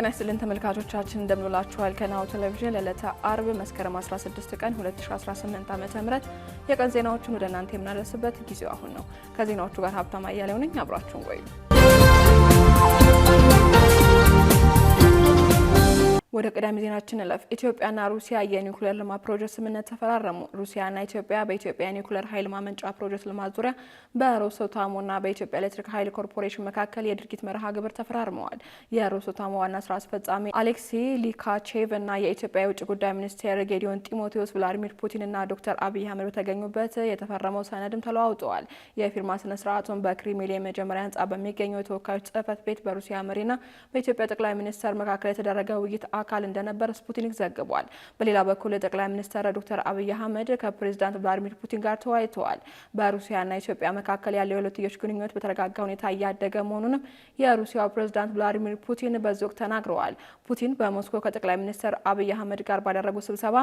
ጤና ይስጥልን ተመልካቾቻችን እንደምንላችኋል። ከናሁ ቴሌቪዥን ለዕለተ አርብ መስከረም 16 ቀን 2018 ዓ.ም የቀን ዜናዎችን ወደ እናንተ የምናደርስበት ጊዜው አሁን ነው። ከዜናዎቹ ጋር ሀብታም አያሌው ነኝ። አብራችሁን ቆዩ። ወደ ቀዳሚ ዜናችን እለፍ። ኢትዮጵያና ሩሲያ የኒውክሌር ልማት ፕሮጀክት ስምምነት ተፈራረሙ። ሩሲያና ኢትዮጵያ በኢትዮጵያ የኒውክሌር ኃይል ማመንጫ ፕሮጀክት ልማት ዙሪያ በሮሶታሞና በኢትዮጵያ ኤሌክትሪክ ኃይል ኮርፖሬሽን መካከል የድርጊት መርሃ ግብር ተፈራርመዋል። የሮሶታሞ ዋና ስራ አስፈጻሚ አሌክሲ ሊካቼቭ እና የኢትዮጵያ የውጭ ጉዳይ ሚኒስቴር ጌዲዮን ጢሞቴዎስ ቭላዲሚር ፑቲን እና ዶክተር አብይ አህመድ በተገኙበት የተፈረመው ሰነድም ተለዋውጠዋል። የፊርማ ስነ ስርዓቱን በክሪሚሌ የመጀመሪያ ህንጻ በሚገኘው የተወካዮች ጽህፈት ቤት በሩሲያ መሪና በኢትዮጵያ ጠቅላይ ሚኒስተር መካከል የተደረገ ውይይት አካል እንደነበር ስፑትኒክ ዘግቧል። በሌላ በኩል ጠቅላይ ሚኒስትር ዶክተር አብይ አህመድ ከፕሬዚዳንት ቭላዲሚር ፑቲን ጋር ተወያይተዋል። በሩሲያና ኢትዮጵያ መካከል ያለው የሁለትዮሽ ግንኙነት በተረጋጋ ሁኔታ እያደገ መሆኑንም የሩሲያው ፕሬዚዳንት ቭላዲሚር ፑቲን በዚህ ወቅት ተናግረዋል። ፑቲን በሞስኮ ከጠቅላይ ሚኒስትር አብይ አህመድ ጋር ባደረጉ ስብሰባ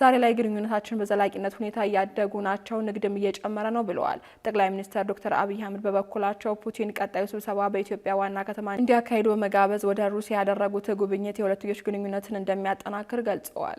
ዛሬ ላይ ግንኙነታችን በዘላቂነት ሁኔታ እያደጉ ናቸው፣ ንግድም እየጨመረ ነው ብለዋል። ጠቅላይ ሚኒስትር ዶክተር አብይ አህመድ በበኩላቸው ፑቲን ቀጣዩ ስብሰባ በኢትዮጵያ ዋና ከተማ እንዲያካሂዱ በመጋበዝ ወደ ሩሲያ ያደረጉት ጉብኝት የሁለትዮሽ ግንኙነትን እንደሚያጠናክር ገልጸዋል።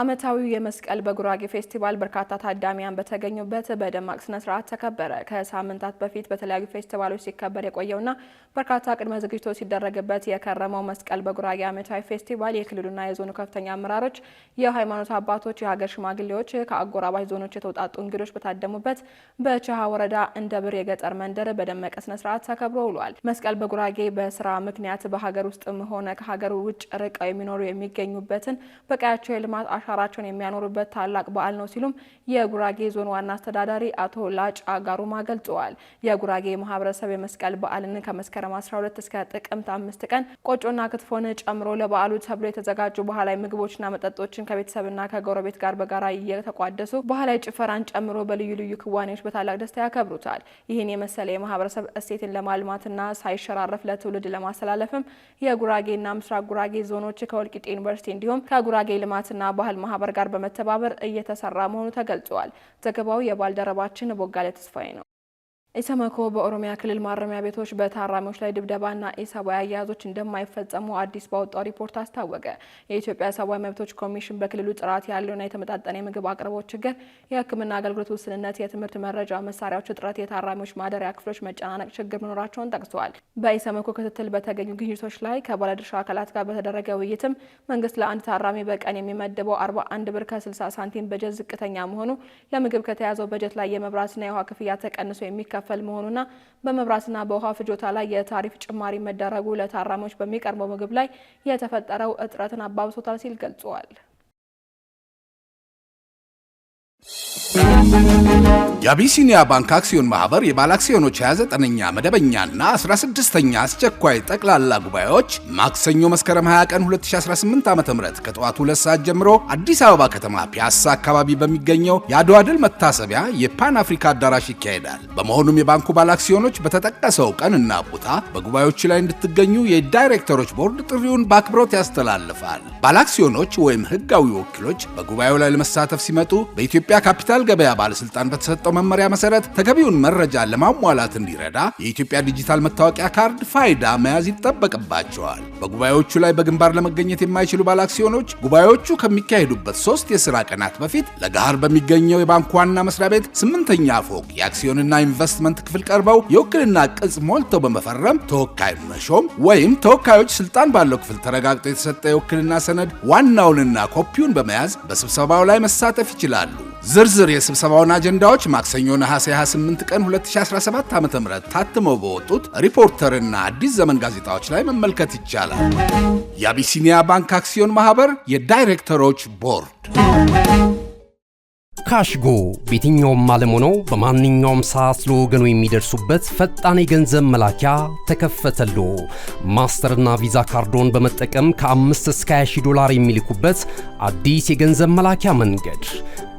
ዓመታዊው የመስቀል በጉራጌ ፌስቲቫል በርካታ ታዳሚያን በተገኙበት በደማቅ ስነ ስርዓት ተከበረ። ከሳምንታት በፊት በተለያዩ ፌስቲቫሎች ሲከበር የቆየውና በርካታ ቅድመ ዝግጅቶች ሲደረግበት የከረመው መስቀል በጉራጌ ዓመታዊ ፌስቲቫል የክልሉና የዞኑ ከፍተኛ አመራሮች፣ የሃይማኖት አባቶች፣ የሀገር ሽማግሌዎች፣ ከአጎራባች ዞኖች የተውጣጡ እንግዶች በታደሙበት በቸሃ ወረዳ እንደ ብር የገጠር መንደር በደመቀ ስነ ስርዓት ተከብሮ ውሏል። መስቀል በጉራጌ በስራ ምክንያት በሀገር ውስጥም ሆነ ከሀገር ውጭ ርቀው የሚኖሩ የሚገኙበትን በቀያቸው የልማት አሻራቸውን የሚያኖሩበት ታላቅ በዓል ነው ሲሉም የጉራጌ ዞን ዋና አስተዳዳሪ አቶ ላጫ ጋሩማ ገልጸዋል። የጉራጌ ማህበረሰብ የመስቀል በዓልን ከመስከረም 12 እስከ ጥቅምት አምስት ቀን ቆጮና ክትፎን ጨምሮ ለበዓሉ ተብሎ የተዘጋጁ ባህላዊ ምግቦችና መጠጦችን ከቤተሰብና ከጎረቤት ጋር በጋራ እየተቋደሱ ባህላዊ ጭፈራን ጨምሮ በልዩ ልዩ ክዋኔዎች በታላቅ ደስታ ያከብሩታል። ይህን የመሰለ የማህበረሰብ እሴትን ለማልማትና ሳይሸራረፍ ለትውልድ ለማስተላለፍም የጉራጌና ምስራቅ ጉራጌ ዞኖች ከወልቂጤ ዩኒቨርሲቲ እንዲሁም ከጉራጌ ልማትና ባህል ከባህል ማህበር ጋር በመተባበር እየተሰራ መሆኑ ተገልጿል። ዘገባው የባልደረባችን ቦጋለ ተስፋዬ ነው። ኢሰመኮ በኦሮሚያ ክልል ማረሚያ ቤቶች በታራሚዎች ላይ ድብደባና ኢሰብአዊ አያያዞች እንደማይፈጸሙ አዲስ ባወጣው ሪፖርት አስታወቀ። የኢትዮጵያ ሰብአዊ መብቶች ኮሚሽን በክልሉ ጥራት ያለውና የተመጣጠነ የምግብ አቅርቦት ችግር፣ የሕክምና አገልግሎት ውስንነት፣ የትምህርት መረጃ መሳሪያዎች እጥረት፣ የታራሚዎች ማደሪያ ክፍሎች መጨናነቅ ችግር መኖራቸውን ጠቅሰዋል። በኢሰመኮ ክትትል በተገኙ ግኝቶች ላይ ከባለድርሻ አካላት ጋር በተደረገ ውይይትም መንግስት ለአንድ ታራሚ በቀን የሚመድበው 41 ብር ከ60 ሳንቲም በጀት ዝቅተኛ መሆኑ፣ ለምግብ ከተያዘው በጀት ላይ የመብራትና የውሃ ክፍያ ተቀንሶ የሚከ የሚከፈል መሆኑና በመብራትና በውሃ ፍጆታ ላይ የታሪፍ ጭማሪ መደረጉ ለታራሚዎች በሚቀርበው ምግብ ላይ የተፈጠረው እጥረትን አባብሶታል ሲል ገልጸዋል። የአቢሲኒያ ባንክ አክሲዮን ማህበር የባለ አክሲዮኖች 29ኛ መደበኛና 16ኛ አስቸኳይ ጠቅላላ ጉባኤዎች ማክሰኞ መስከረም 20 ቀን 2018 ዓ.ም ከጠዋቱ 2 ሰዓት ጀምሮ አዲስ አበባ ከተማ ፒያሳ አካባቢ በሚገኘው የአድዋ ድል መታሰቢያ የፓን አፍሪካ አዳራሽ ይካሄዳል። በመሆኑም የባንኩ ባለ አክሲዮኖች በተጠቀሰው ቀን እና ቦታ በጉባኤዎቹ ላይ እንድትገኙ የዳይሬክተሮች ቦርድ ጥሪውን በአክብሮት ያስተላልፋል። ባለ አክሲዮኖች ወይም ህጋዊ ወኪሎች በጉባኤው ላይ ለመሳተፍ ሲመጡ በኢትዮጵያ ካፒታል ገበያ ባለስልጣን በተሰጠው መመሪያ መሰረት ተገቢውን መረጃ ለማሟላት እንዲረዳ የኢትዮጵያ ዲጂታል መታወቂያ ካርድ ፋይዳ መያዝ ይጠበቅባቸዋል። በጉባኤዎቹ ላይ በግንባር ለመገኘት የማይችሉ አክሲዮኖች ጉባኤዎቹ ከሚካሄዱበት ሶስት የስራ ቀናት በፊት ለጋር በሚገኘው የባንክ ዋና መስሪያ ቤት ስምንተኛ ፎቅ የአክሲዮንና ኢንቨስትመንት ክፍል ቀርበው የውክልና ቅጽ ሞልተው በመፈረም ተወካይ መሾም ወይም ተወካዮች ስልጣን ባለው ክፍል ተረጋግጦ የተሰጠ የውክልና ሰነድ ዋናውንና ኮፒውን በመያዝ በስብሰባው ላይ መሳተፍ ይችላሉ። ዝርዝር የስብሰባውን አጀንዳዎች ማክሰኞ ነሐሴ 28 ቀን 2017 ዓ.ም ታትመው በወጡት ሪፖርተርና አዲስ ዘመን ጋዜጣዎች ላይ መመልከት ይቻላል። የአቢሲኒያ ባንክ አክሲዮን ማህበር የዳይሬክተሮች ቦርድ ካሽጎ በየትኛውም ዓለም ሆነው በማንኛውም ሰዓት ለወገኑ የሚደርሱበት ፈጣን የገንዘብ መላኪያ ተከፈተሉ። ማስተርና ቪዛ ካርዶን በመጠቀም ከ5 እስከ 20 ዶላር የሚልኩበት አዲስ የገንዘብ መላኪያ መንገድ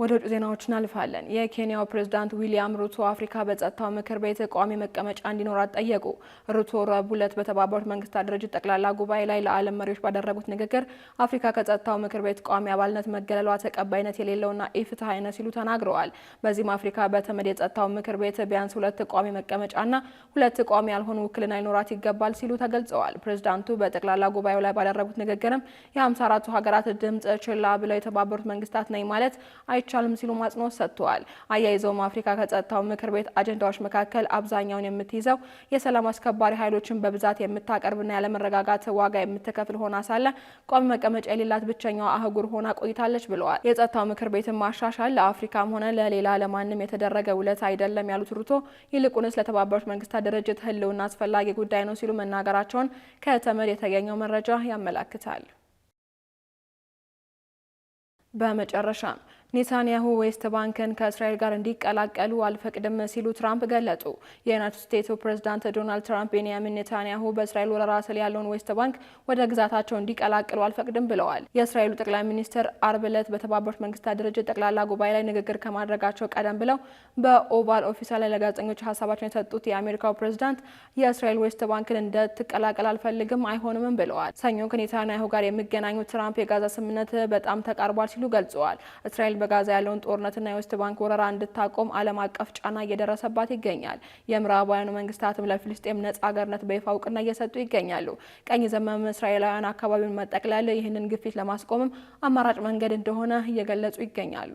ወደ ውጭ ዜናዎች እናልፋለን። የኬንያው ፕሬዝዳንት ዊሊያም ሩቶ አፍሪካ በጸጥታው ምክር ቤት ቋሚ መቀመጫ እንዲኖራት ጠየቁ። ሩቶ ረቡዕ ዕለት በተባበሩት መንግስታት ድርጅት ጠቅላላ ጉባኤ ላይ ለዓለም መሪዎች ባደረጉት ንግግር አፍሪካ ከጸጥታው ምክር ቤት ቋሚ አባልነት መገለሏ ተቀባይነት የሌለውና ኢፍትሐዊ ነው ሲሉ ተናግረዋል። በዚህም አፍሪካ በተመድ የጸጥታው ምክር ቤት ቢያንስ ሁለት ቋሚ መቀመጫና ሁለት ቋሚ ያልሆኑ ውክልና ሊኖራት ይገባል ሲሉ ተገልጸዋል። ፕሬዝዳንቱ በጠቅላላ ጉባኤው ላይ ባደረጉት ንግግርም የ54ቱ ሀገራት ድምጽ ችላ ብለው የተባበሩት መንግስታት ነኝ ማለት አይ አይቻልም ሲሉ ማጽንኦት ሰጥተዋል። አያይዘውም አፍሪካ ከጸጥታው ምክር ቤት አጀንዳዎች መካከል አብዛኛውን የምትይዘው የሰላም አስከባሪ ኃይሎችን በብዛት የምታቀርብና ያለመረጋጋት ዋጋ የምትከፍል ሆና ሳለ ቋሚ መቀመጫ የሌላት ብቸኛው አህጉር ሆና ቆይታለች ብለዋል። የጸጥታው ምክር ቤትን ማሻሻል ለአፍሪካም ሆነ ለሌላ ለማንም የተደረገ ውለት አይደለም ያሉት ሩቶ ይልቁንስ ለተባበሩት መንግስታት ድርጅት ህልውና አስፈላጊ ጉዳይ ነው ሲሉ መናገራቸውን ከተመድ የተገኘው መረጃ ያመላክታል። በመጨረሻም ኔታንያሁ ዌስት ባንክን ከእስራኤል ጋር እንዲቀላቀሉ አልፈቅድም ሲሉ ትራምፕ ገለጹ። የዩናይትድ ስቴትሱ ፕሬዝዳንት ዶናልድ ትራምፕ ቤንያሚን ኔታንያሁ በእስራኤል ወረራ ስር ያለውን ዌስት ባንክ ወደ ግዛታቸው እንዲቀላቀሉ አልፈቅድም ብለዋል። የእስራኤሉ ጠቅላይ ሚኒስትር አርብ ዕለት በተባበሩት መንግስታት ድርጅት ጠቅላላ ጉባኤ ላይ ንግግር ከማድረጋቸው ቀደም ብለው በኦቫል ኦፊስ ላይ ለጋዜጠኞች ሀሳባቸውን የሰጡት የአሜሪካው ፕሬዝዳንት የእስራኤል ዌስት ባንክን እንድትቀላቀል አልፈልግም፣ አይሆንምም ብለዋል። ሰኞ ከኔታንያሁ ጋር የሚገናኙት ትራምፕ የጋዛ ስምምነት በጣም ተቃርቧል ሲሉ ገልጸዋል። በጋዛ ያለውን ጦርነትና የዌስት ባንክ ወረራ እንድታቆም ዓለም አቀፍ ጫና እየደረሰባት ይገኛል። የምዕራባውያኑ መንግስታትም ለፊልስጤም ነጻ አገርነት በይፋ እውቅና እየሰጡ ይገኛሉ። ቀኝ ዘመም እስራኤላውያን አካባቢውን መጠቅለል ይህንን ግፊት ለማስቆምም አማራጭ መንገድ እንደሆነ እየገለጹ ይገኛሉ።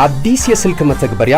አዲስ የስልክ መተግበሪያ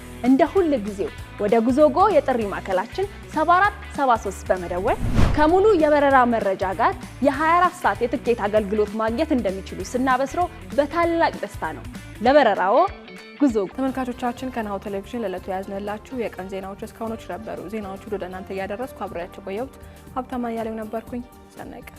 እንደ ሁል ጊዜው ወደ ጉዞጎ የጥሪ ማዕከላችን 7473 በመደወል ከሙሉ የበረራ መረጃ ጋር የ24 ሰዓት የትኬት አገልግሎት ማግኘት እንደሚችሉ ስናበስረው በታላቅ ደስታ ነው። ለበረራዎ ጉዞ ተመልካቾቻችን ከናሁ ቴሌቪዥን ለዕለቱ ያዝነላችሁ የቀን ዜናዎች እስካሁኖች ነበሩ። ዜናዎቹ ወደ እናንተ እያደረስኩ አብሬያቸው ቆየሁት። ሀብታማ እያሌው ነበርኩኝ። ሰናይ ቀን